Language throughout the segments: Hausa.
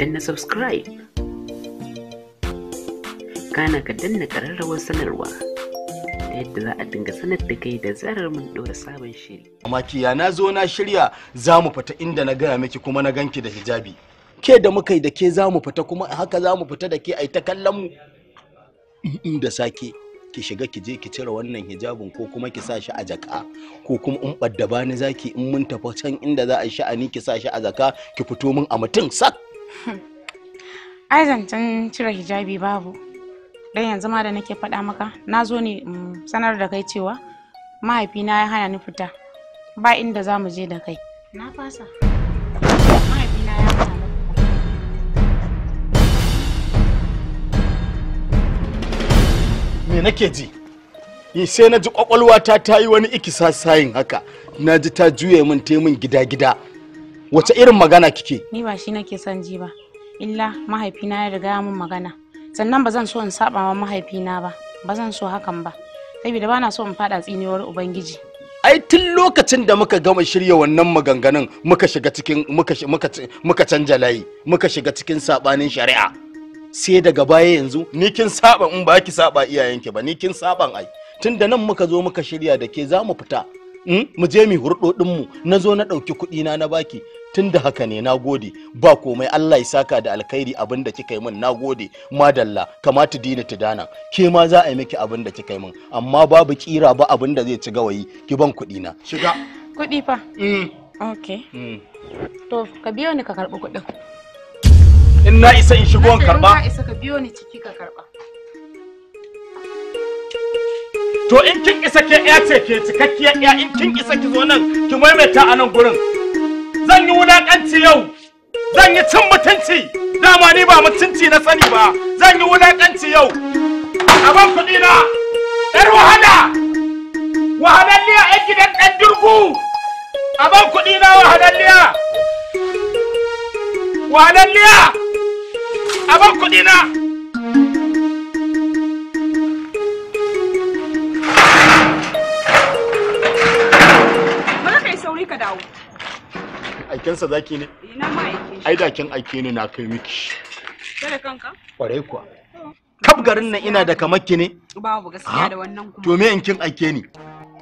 danna subscribe kana ka danna ƙararrawar sanarwa ta yadda za a dinga sanar da kai da zarar mun ɗora sabon shiri. Makiya na zo na shirya za mu fita inda na gaya miki kuma na ganki da hijabi. Ke da muka yi da ke za mu fita kuma haka za mu fita da ke a ta kallon mu. In da sake ki shiga ki je ki cire wannan hijabin ko kuma ki sa shi a jaka ko kuma in ɓadda bani zaki in mun tafi can inda za a sha'ani ki sa shi a jaka ki fito min a mutum sak. ai zancen cire hijabi babu dan yanzu ma da nake faɗa maka na zo ne sanar da kai cewa mahaifina ya hana ni fita ba inda za mu je da kai na fasa me nake ji yi sai na ji kwakwalwata ta yi wani ikisa sayin haka na ji ta juye min te min gida-gida wace irin magana kike ni ba shi nake son ji ba illa mahaifina ya riga mun magana sannan ba zan so in saba wa mahaifina ba ba zan so hakan ba saboda bana so in fada tsiniwar ubangiji ai tun lokacin da muka gama shirya wannan maganganun muka shiga cikin muka muka canja layi muka shiga cikin sabanin shari'a sai daga baya yanzu ni kin saba in ba ki saba iyayenki ba ni kin saban ai tun da nan muka zo muka shirya da ke za mu fita Hmm? mu je mu hurdodinmu na zo na ɗauki kuɗina na baki tun da haka ne na gode ba komai Allah ya saka da alkhairi abin da kika yi min na gode madalla kamata dina ta dana ke ma za a yi miki abin da kika yi min amma babu kira ba abin da zai ci gawayi ki ban kuɗi na shiga kuɗi fa mm. okay mm. to ka biyo ni ka karɓi kuɗin in na isa in shigo in karɓa in na isa ka biyo ni ciki ka karɓa to in kin isa ke ya ce ke cikakkiyar ya in kin isa ki zo nan ki maimaita a nan gurin zan yi wulakanci yau zan yi cin mutunci dama ni ba mutunci na sani ba zan yi wulakanci yau a ban kuɗi na ɗan wahala wahalalliya ɗan gidan ɗan durgu a ban kuɗi na wahalalliya wahalalliya a ban kuɗi na aikensa zaki ne? Ina ma aike. Ai da kin aike ni na kai miki. Kada kanka? Kware kuwa. Kaf garin nan ina da kamar ki ne? Babu gaskiya da wannan kuma. To me in kin aike ni?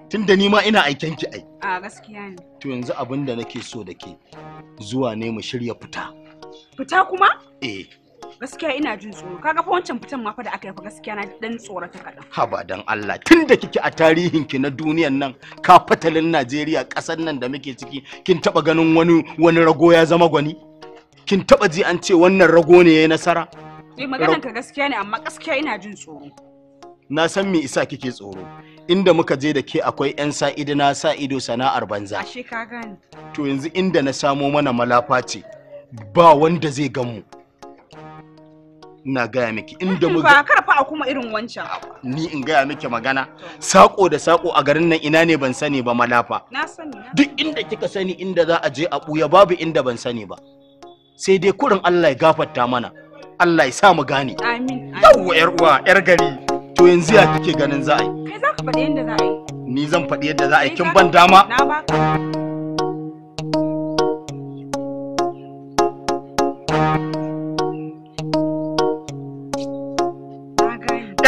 Tunda ni ma ina aiken ki ai. A gaskiya ne. To yanzu abin da nake so da ke zuwa ne mu shirya fita. Fita kuma? Eh. gaskiya ina jin tsoro kaga fa wancan fitan ma fa da aka yi fa gaskiya na dan tsoro kadan ha ba dan Allah tun da kike a tarihin ki na duniyan nan ka fatalin Najeriya kasar nan da muke ciki kin taba ganin wani wani rago ya zama gwani kin taba ji an ce wannan rago ne yayi nasara eh maganan ka gaskiya ne amma gaskiya ina jin tsoro na san me isa kike tsoro inda muka je da ke akwai 'yan sa'idu na sa ido sana'ar banza. Ashe ka gane. To yanzu inda na samo mana malafa ce ba wanda zai gan mu. ina gaya miki inda mu ba karfa kuma irin wancan ni in gaya miki magana sako da sako a garin nan ina ne ban sani ba malafa na sani duk inda kika sani inda za a je a buya babu inda ban sani ba sai dai kurin Allah ya gafarta mana Allah ya sa mu gane amin yawa yar uwa yar gari to yanzu ya kike ganin za a yi kai za ka faɗi yadda za a yi ni zan faɗi yadda za a yi kin ban dama na baka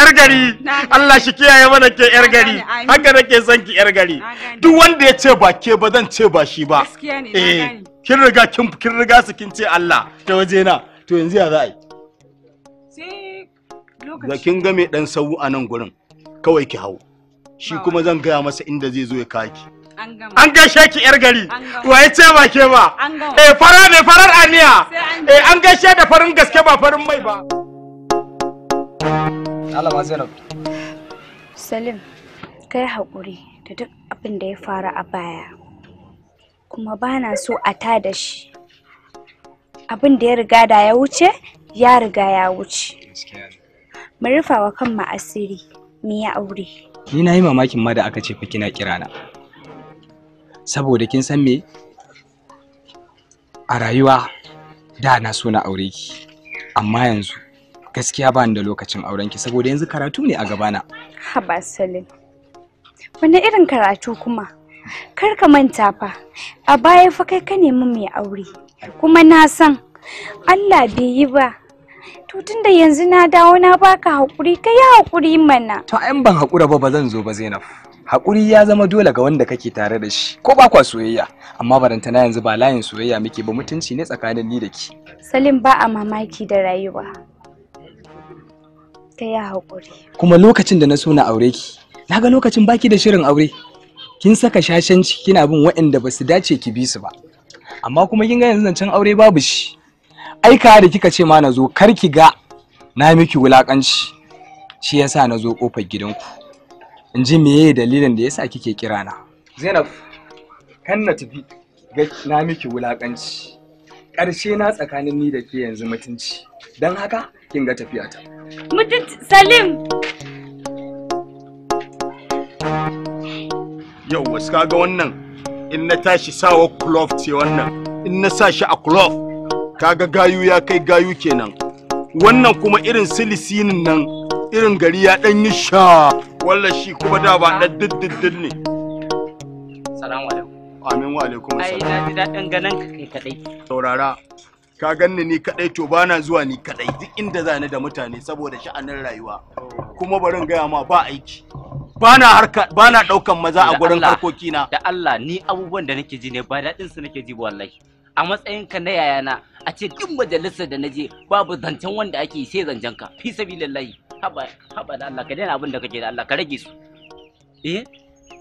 yar gari Allah shi kiyaye mana ke yar gari haka nake son ki yar gari duk wanda ya ce ba ke ba zan ce ba shi ba eh kin riga kin kin riga su kin ce Allah ta waje na to yanzu ya za a yi sai kin ga mai dan sawu a nan gurin kawai ki hau shi kuma zan gaya masa inda zai zo ya kaki an gaishe ki yar gari wa ce ba ke ba eh fara ne farar aniya eh an gaishe da farin gaske ba farin mai ba Zainab. Salim, kai haƙuri da duk abin da ya faru a baya. Kuma ba na so a ta da shi. Abin da ya riga da ya wuce, ya riga ya wuce. Mu rufa wa kan mu asiri, mu yi aure. Ni na yi mamakin ma da aka ce fa kina kira na?" Saboda kin san me? A rayuwa da na so na aure ki, amma yanzu gaskiya ba da lokacin aurenki saboda yanzu karatu ne a gabana haba salim wani irin karatu kuma kar ka manta fa a baya fa kai ka nemi mai aure kuma na san allah bai yi ba to tunda yanzu na dawo na baka hakuri ka yi hakuri mana to ayan ban hakura ba ba zan zo ba zainab hakuri ya zama dole ga wanda kake tare da shi ko ba kwa soyayya amma barantana yanzu ba layin soyayya muke ba mutunci ne tsakanin ni da ki salim ba a mamaki da rayuwa ka yi haƙuri. Kuma lokacin da na so na aure ki, na ga lokacin baki da shirin aure. Kin saka shashanci kina bin waɗanda ba su dace ki bi su ba. Amma kuma kin ga yanzu zancen aure babu shi. Ai ka da kika ce ma na zo kar ki ga na miki wulaƙanci. Shi yasa na zo ƙofar gidanku. In ji meye dalilin da yasa kike kira na. Zainab, kan na tafi ga na miki wulaƙanci. Ƙarshe na tsakanin ni da ke yanzu mutunci. Don haka kin ga tafiyata. mutunci salim yau wasu kaga wannan in na tashi sawa kulof ce wannan in na sa shi a kulof kaga gayu ya kai gayu kenan wannan kuma irin silisinin nan irin gari ya dan yi sha wallah shi kuma da ba dan diddiddin ne salamu alaikum amin wa alaikum assalam ai na ji daɗin ganin ka kai kadai saurara ka ganni ni kadai to bana zuwa ni kadai duk inda zani da mutane saboda sha'anin rayuwa kuma barin gaya ma ba aiki bana harka bana daukan maza a gurin harkoki na da Allah ni abubuwan da nake ji ne ba dadin su nake ji wallahi a matsayin ka na yayana a ce duk majalisar da naje babu zancen wanda ake sai zancen ka fi sabilillahi haba haba da Allah ka daina abin da kake da Allah ka rage su eh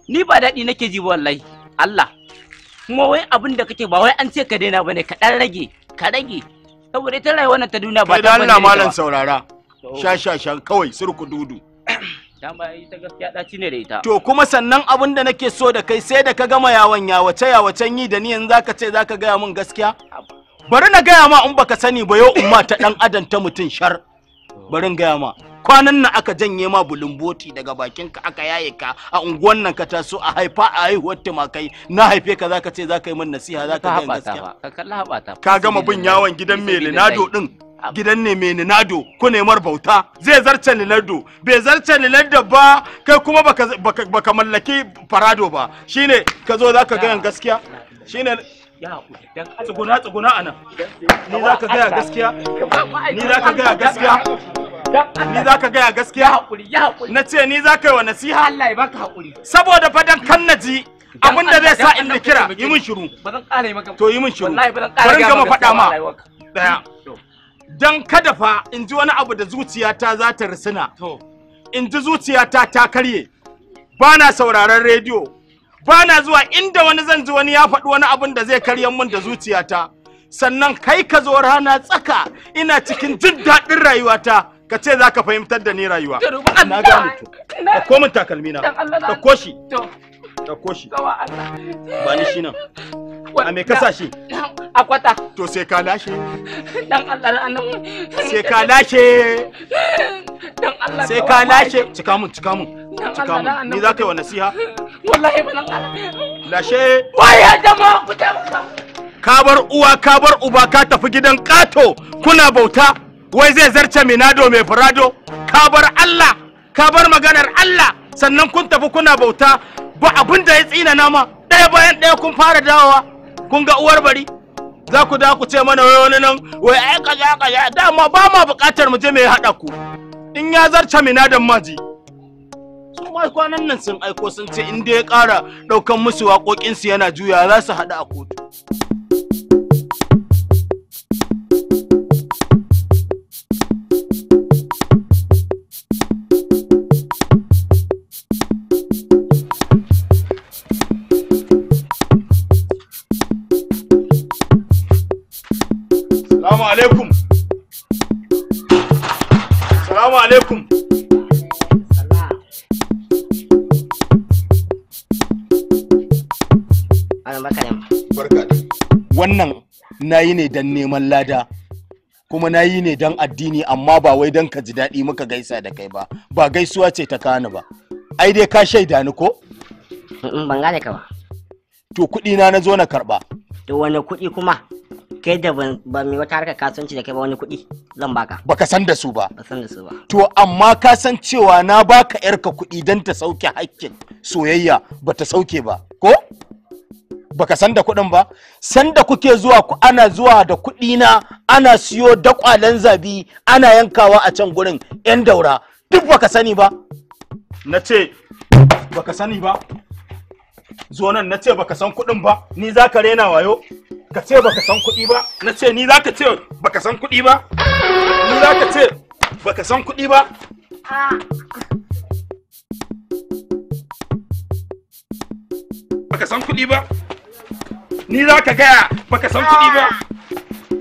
ni ba dadi nake ji wallahi Allah kuma wai abin da kake ba wai an ce ka daina bane ka dan rage ka rage saboda ita rayuwar ta duniya ba ta bane malam saurara sha sha sha kawai surku dudu ba ita gaskiya da ne da ita to kuma sannan abin da nake so da kai sai da ka gama yawon yawace yawacen yi da ni yanzu zaka ce zaka gaya min gaskiya bari na gaya ma in baka sani ba yau umma ta dan adam ta mutun shar bari gaya ma kwanan nan aka janye ma bulumboti daga bakinka aka yaye ka a unguwan nan ka taso a haifa a haihuwar tumakai na haife ka zaka ce zaka yi min nasiha zaka ga gaskiya ka kalla ka gama bin yawon gidan me linado din gidan ne mai ninado ko nemar bauta zai zarce lilardo bai zarce lilardo ba kai kuma baka mallaki farado ba shine ka zo zaka ga gaskiya shine tsuguna tsuguna anan ni zaka ga gaskiya ni zaka ga gaskiya Ni za ka gaya gaskiya? hakuri ya hakuri Na ce ni za yi wa nasiha? Allah ya baka hakuri Saboda fadan kan na ji abin da zai sa in kira yi min shiru. Ba zan maka. To yi min shiru. Wallahi ba zan maka. faɗa ma. Daya. Dan kada fa in ji wani abu da zuciyata za ta risina. To. In ji zuciyata ta karye. Ba na sauraron rediyo. Ba na zuwa inda wani zan ji wani ya faɗi wani abin da zai karye min da zuciyata. Sannan kai ka zo rana tsaka ina cikin jin daɗin rayuwata. ka ce za ka fahimtar da ni rayuwa na gane to ko min takalmi na koshi, shi ɗauko ba ni shi nan a me kasa shi a kwata to sai ka lashe dan Allah annabi sai ka lashe dan Allah sai ka lashe cika mun cika mun cika mun ni za ka yi wa nasiha wallahi ba nan lashe waya jama'a ku ta ka bar uwa ka bar uba ka tafi gidan kato kuna bauta wai zai zarce minado mai furado kabar Allah kabar maganar Allah sannan kun tafi kuna bauta ba abin da ya tsina nama ɗaya bayan ɗaya kun fara dawowa kun ga uwar bari za ku da ku ce mana wai wani nan wai ai kaza kaza dama ba ma buƙatar mu je mai haɗa ku in ya zarce minadan maji su ma kwanan nan sun aiko sun ce in dai ya ƙara ɗaukan musu waƙoƙinsu yana juya za su haɗu a kotu wannan na yi ne don neman lada kuma na yi ne don addini amma ba wai don ka ji daɗi muka gaisa da kai ba ba gaisuwa ce ta kani ba ai dai ka shaida ni ko ban gane ka ba to kuɗi na na zo na karɓa to wani kuɗi kuma kai da ba mai wata harkar kasuwanci da kai ba wani kuɗi zan baka baka san da su ba ba san da su ba to amma ka san cewa na baka yarka kuɗi don ta sauke hakkin soyayya ba ta sauke ba ko baka san da kuɗin ba san da kuke zuwa ana zuwa da kuɗi na ana siyo dakwalen zabi ana yankawa a can gurin yan daura duk baka sani ba na ce baka sani ba zo nan na ce baka san kuɗin ba ni za ka rena wayo ka ce baka san kuɗi ba na ce ni za ka ce baka san kuɗi ba ni za ka ce baka san kuɗi ba baka san kuɗi ba ni za ka gaya baka san kuɗi ba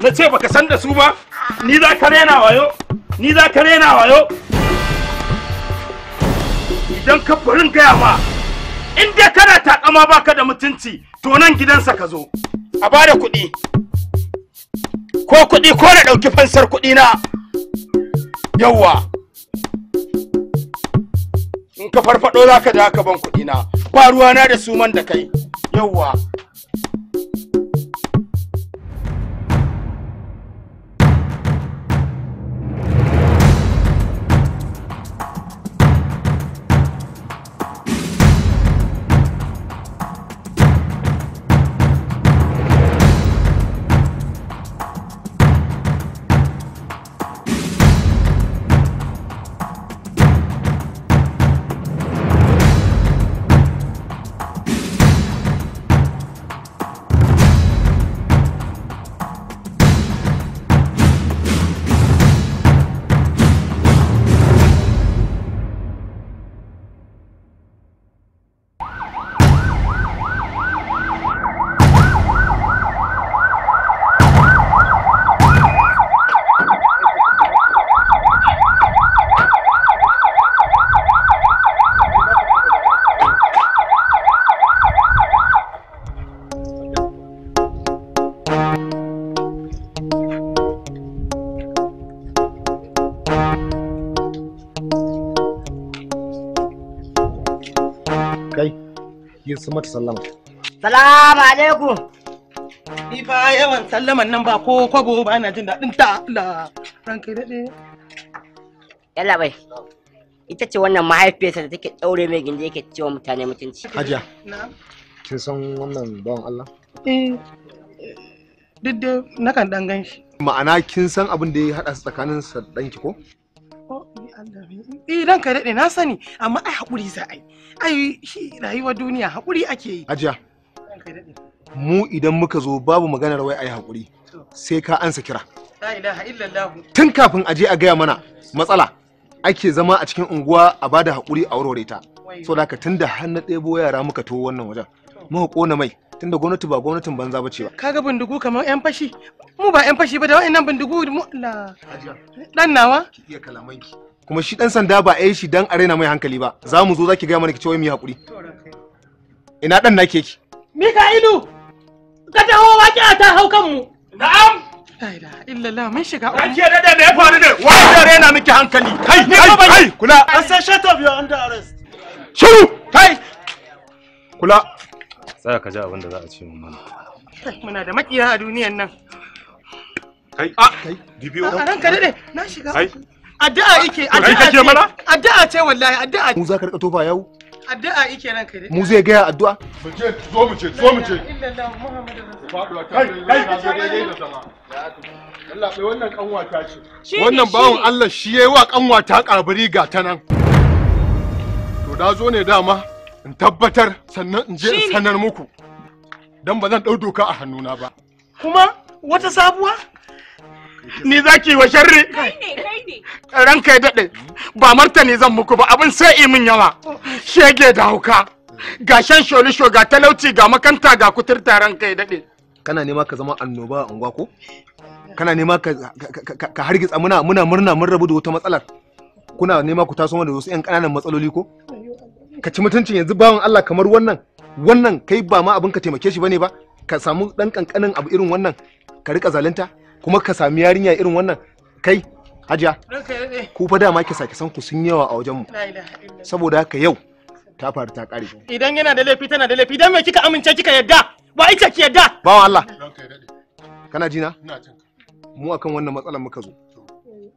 na ce baka san da su ba ni za ka rena wayo ni za ka rena wayo idan ka farin gaya ma in dai kana takama baka da mutunci to nan gidansa ka zo a bada kuɗi ko kuɗi ko na ɗauki fansar kuɗi na yawwa in ka farfaɗo za ka ja ka ban kuɗi na ba ruwana da suman da kai yawwa kai yi su mata sallama salamu alaikum ni fa yawan sallaman nan ba ko kwabo ba na jin daɗin ta la daɗe yalla bai ita ce wannan mahaifiyarsa da take ɗaure mai gindi yake cewa mutane mutunci hajiya kin san wannan bawan Allah eh duk dai nakan dan gan shi ma'ana kin san abin da ya haɗa tsakanin sa danki ko Allah eh daɗe na sani amma ai haƙuri za a yi ai shi rayuwar duniya haƙuri ake yi ajiya mu idan muka zo babu maganar wai ai haƙuri sai ka ansa kira tun kafin aje a gaya mana matsala ake zama a cikin unguwa a bada haƙuri a warware ta so da tun da har na ɗebo yara muka to wannan wajen muka ƙona mai tun da gwamnati ba gwamnatin banza ba ce ba kaga bindigu kamar yan fashi mu ba yan fashi ba da wa'annan bindigu mu la dan nawa ki iya kalamanki kuma shi dan sanda ba yi shi dan a raina mai hankali ba za mu zo zaki gaya mana ki ce wai mu yi hakuri ina dan nake ki Mika'ilu ka taho waki a ta hau kanmu na'am la ilaha illallah mun shiga uku ki da da me ya faru ne wai da raina miki hankali kai kai kai kula an sai shut up you under arrest shiru kai kula tsaya ka ji abin da za a ce mun mana muna da makiya a duniyar nan kai ah! kai dibiyo ranka dade na shiga kai addu'a yake addu'a ce mana addu'a ce wallahi addu'a mu za ka rika tofa yau addu'a yake ranka dai mu zai gaya addu'a mu ce zo mu ce zo mu ce Allah bai wannan kanwata ce wannan bawon Allah shi yayi wa kanwata kabari ga ta nan to da zo ne dama in tabbatar sannan in je in sanar muku dan ba zan dau doka a hannuna ba kuma wata sabuwa ni zaki ki wa sharri ranka ya daɗe ba martani zan muku ba abin sai yi min yawa shege da hauka ga shan sholisho ga talauci ga makanta ga kuturta ranka ya daɗe kana nema ka zama annoba a unguwa ko kana nema ka hargitsa muna muna murna mun rabu da wata matsalar kuna nema ku taso da wasu 'yan kananan matsaloli ko ka ci mutuncin yanzu bawan Allah kamar wannan wannan kai ba ma abin ka taimake shi bane ba ka samu dan kankanin abu irin wannan ka rika zalunta kuma ka sami yarinya irin wannan kai hajiya ku fa dama ki saki san ku sun yawa a wajenmu saboda haka yau ta faru ta kare idan yana da laifi tana da laifi idan me kika amince kika yadda ba ita ki yadda bawan Allah kana ji na mu akan wannan matsalar muka zo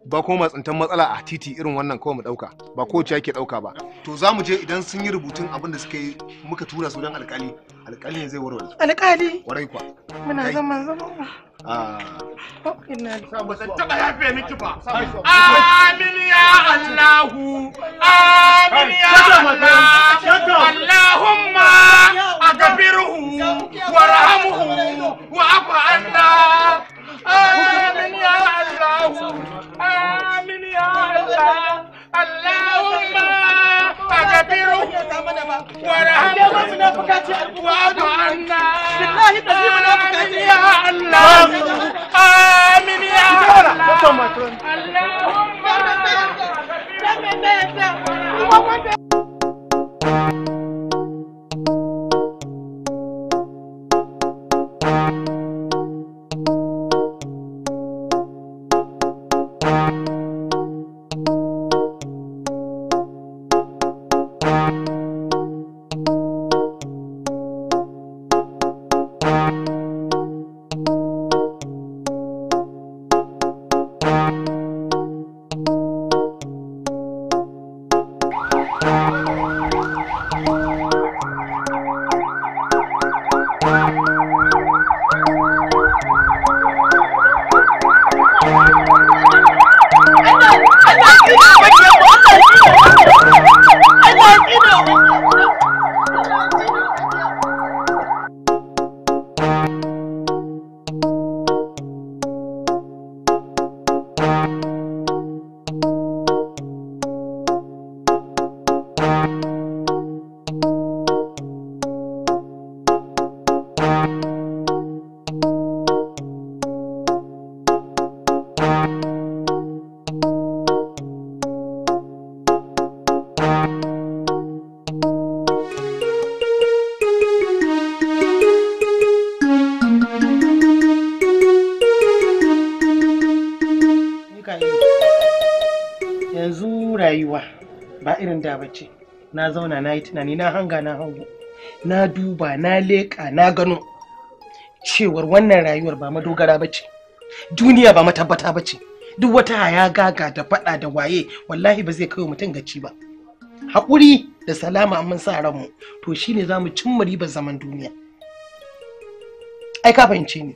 ba kuma matsantan matsala a titi irin wannan kawai mu dauka ba ko ciya ke dauka ba to za mu je idan sun yi rubutun abin da suka yi muka tura su don alkali alkali ne zai warware alkali warai kwa muna zaman zaman Amin ya Allahu, amin ya Allah, Allahumma a wa wa Allah. Amin ya Allahu, amin ya Allah, Allahumma a gafirhu wa Allah. love. bacci na zauna na yi tunani na hanga na hango na duba na leƙa na gano cewar wannan rayuwar ba madogara ba ce duniya ba matabbata ba ce duk wata haya gaga da faɗa da waye wallahi ba zai kai mutum gaci ba haƙuri da salama mun sa ran mu to shine za mu cimma ribar zaman duniya ai ka fahimce ni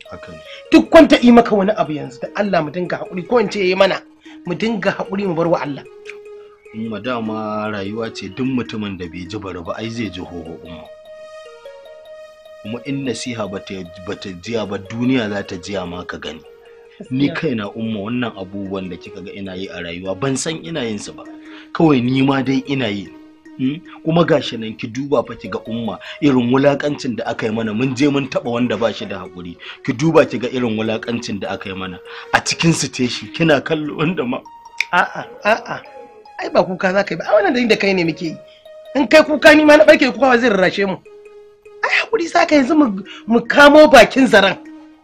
duk kwanta yi maka wani abu yanzu da Allah mu dinga haƙuri ko in ce yi mana mu dinga haƙuri mu bar wa Allah kuma dama rayuwa ce duk mutumin da bai ji bari ba ai zai ji hoho umma kuma in nasiha ba ta jiya ba duniya za ta jiya ma ka gani ni na umma wannan abubuwan da kika ga ina yi a rayuwa ban san ina yin su ba kawai ni ma dai ina yi hmm? kuma gashi nan ki duba fa ki ga umma irin wulakancin da aka yi mana mun je mun taba wanda ba shi da hakuri ki duba ki ga irin wulakancin da aka yi mana a cikin su teshi kina kallo wanda ma a'a a'a ai ba kuka za ka yi ba wannan da inda kai ne muke yi in kai kuka ni ma na barke kuka ba zai rarrashe mu ai hakuri za ka yanzu mu kamo bakin zaran.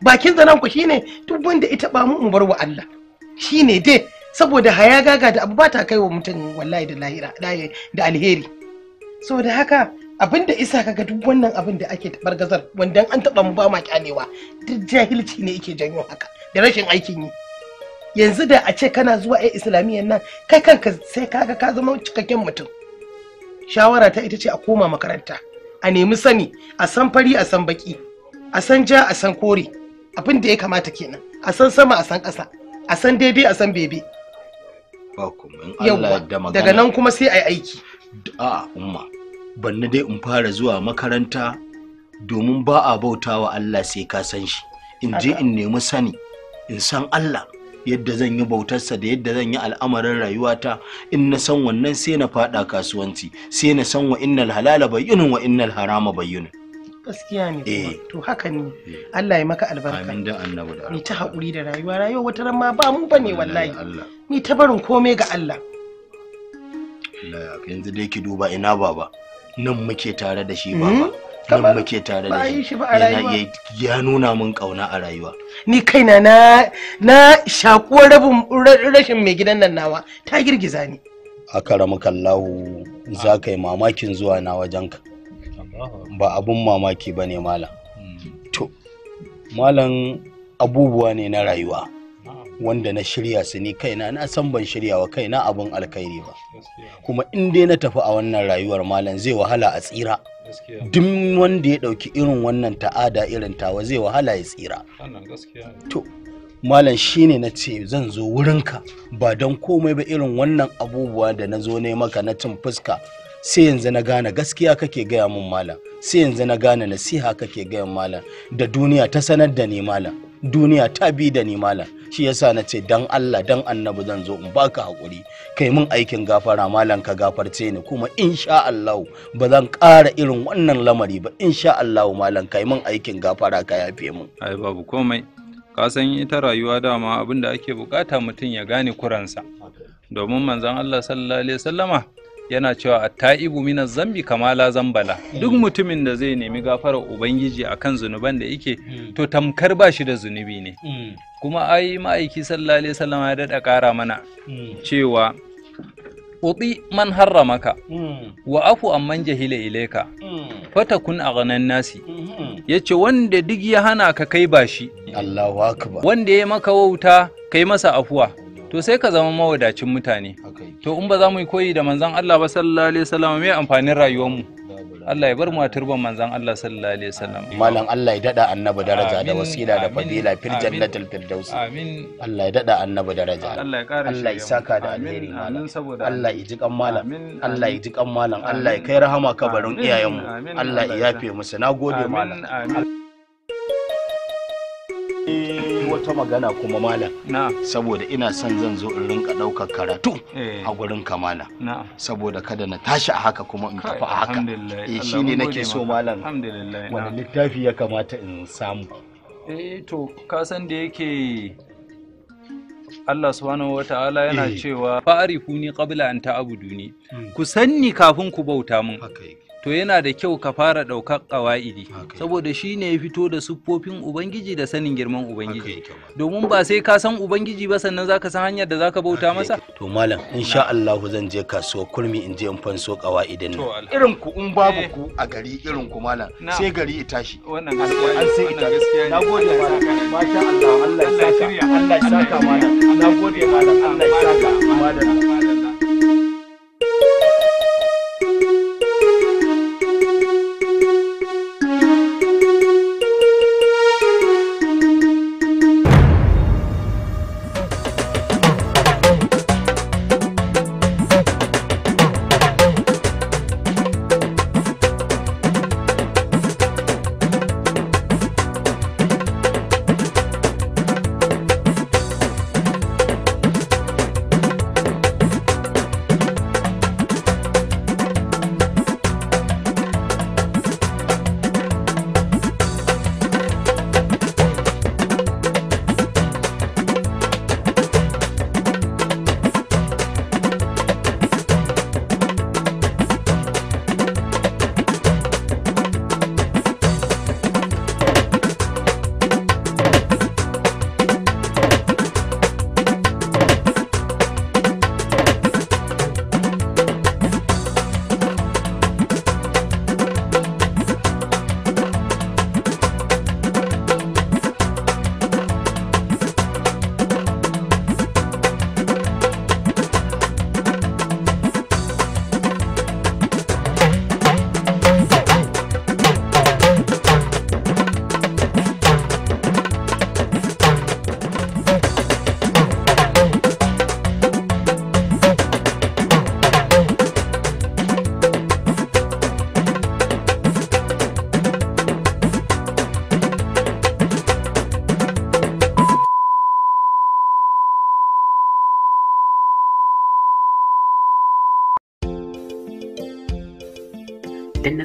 bakin zaran ku shine duk wanda ita ba mu bar wa Allah shine dai saboda haya gaga da abu ba ta kai wa mutum wallahi da lahira da alheri saboda haka abin da isa kaga duk wannan abin da ake tabar gazar wanda an taba mu ba ma kyalewa duk jahilci ne yake janyo haka da rashin aikin yi yanzu da a ce kana zuwa ai islamiyyar nan kai kanka sai kaga ka zama cikakken mutum shawara ta ita ce a koma makaranta a nemi sani a san fari a san baki a san ja a san kore abin da ya kamata kenan a san sama a san ƙasa a san daidai a san bebe daga nan kuma sai a yi aiki a umma banna dai in fara zuwa makaranta domin ba a bautawa Allah sai ka san shi in je in nemi sani in san Allah yadda zan yi bautarsa da yadda zan yi al'amarin rayuwata in na san wannan sai na fada kasuwanci sai na san wa innal halala bayyinun wa innal harama bayyinun gaskiya ne eh. to haka ne eh. Allah ya maka albarka amin da annabi da ni ta hakuri da rayuwa rayuwa wata ran ma ba mu bane wallahi ni ta barin komai ga Allah Allah yanzu dai ki duba ina baba nan muke tare da shi baba hmm? kamar muke tare da shi yana ya nuna min kauna a rayuwa ni kaina na na shakuwar rabin rashin mai gidan nan nawa ta girgiza ni a karamu za ka yi mamakin zuwa na wajenka ba abun mamaki ba ne malam hmm. to malam abubuwa ne na rayuwa wanda na shirya su ni kaina na san ban shirya wa kaina abin alkhairi ba kuma in dai na tafi a wannan rayuwar malam zai wahala a tsira duk wanda ya ɗauki irin wannan ta'ada irin tawa zai wahala ya tsira to malam shine na ce zan zo wurinka ba don komai ba irin wannan abubuwa da na zo ne maka na cin fuska sai yanzu na gane gaskiya kake gaya mun malam sai yanzu na gane nasiha kake gaya malam da duniya ta sanar da ni malam duniya ta bi da ni malam shi yasa na ce dan Allah dan annabi zan zo in baka hakuri kai mun aikin gafara malam ka gafarce ni kuma insha Allah ba zan ƙara irin wannan lamari ba insha Allah malam kai mun aikin gafara ka yafe mun ai babu komai ka san ita rayuwa dama abin da ake bukata mutum ya gane kuransa domin manzon Allah sallallahu alaihi wasallama yana cewa atta'ibu mina zambi kamala zambala duk mutumin da zai nemi gafarar ubangiji akan zunuban da yake hmm. to tamkar ba shi da zunubi ne hmm. kuma ai ma'aiki sallallahu alaihi ya daɗa kara mana hmm. cewa uti man harramaka wa afu amman jahila ilaika fatakun aghanan nasi yace wanda duk ya hana ka kai bashi Allahu wanda ya maka wauta kai masa afuwa to sai ka zama mawadacin mutane to in ba za mu yi koyi da manzan Allah ba sallallahu alaihi wasallam me amfanin rayuwar mu Allah ya bar mu a turban manzan Allah sallallahu alaihi wasallam malam Allah ya dada annabi daraja da wasila da fadila fil jannatil firdaus amin Allah ya dada annabi daraja Allah ya kare Allah ya saka da alheri malam Allah ya ji kan malam Allah ya ji kan malam Allah ya kai rahama kabarin iyayen mu Allah ya yafe musu nagode malam amin wata magana kuma malam saboda ina son zan zo in rinka ɗaukar karatu eh. a gurin kamala saboda kada na tashi a haka kuma in tafi a haka eh shine nake so malam wani littafi ya kamata in samu eh to ka san da yake Allah subhanahu wa ta'ala yana eh. cewa fa'arifuni qabla an ta'buduni hmm. ku sanni kafin ku bauta mun to yana da kyau ka fara ɗaukar ƙawa'idi saboda shi ne ya fito da siffofin ubangiji da sanin girman ubangiji domin ba sai ka san ubangiji ba sannan zaka san hanyar da zaka bauta masa to malam insha Allah zan je kasuwa kurmi in je in fanso ƙawa'idin nan irin ku in babu eh. ku a gari irin ku malam sai gari ya tashi wannan an sai ita gaskiya na gode malam masha Allah Allah ya saka Allah ya saka malam na gode malam Allah ya saka malam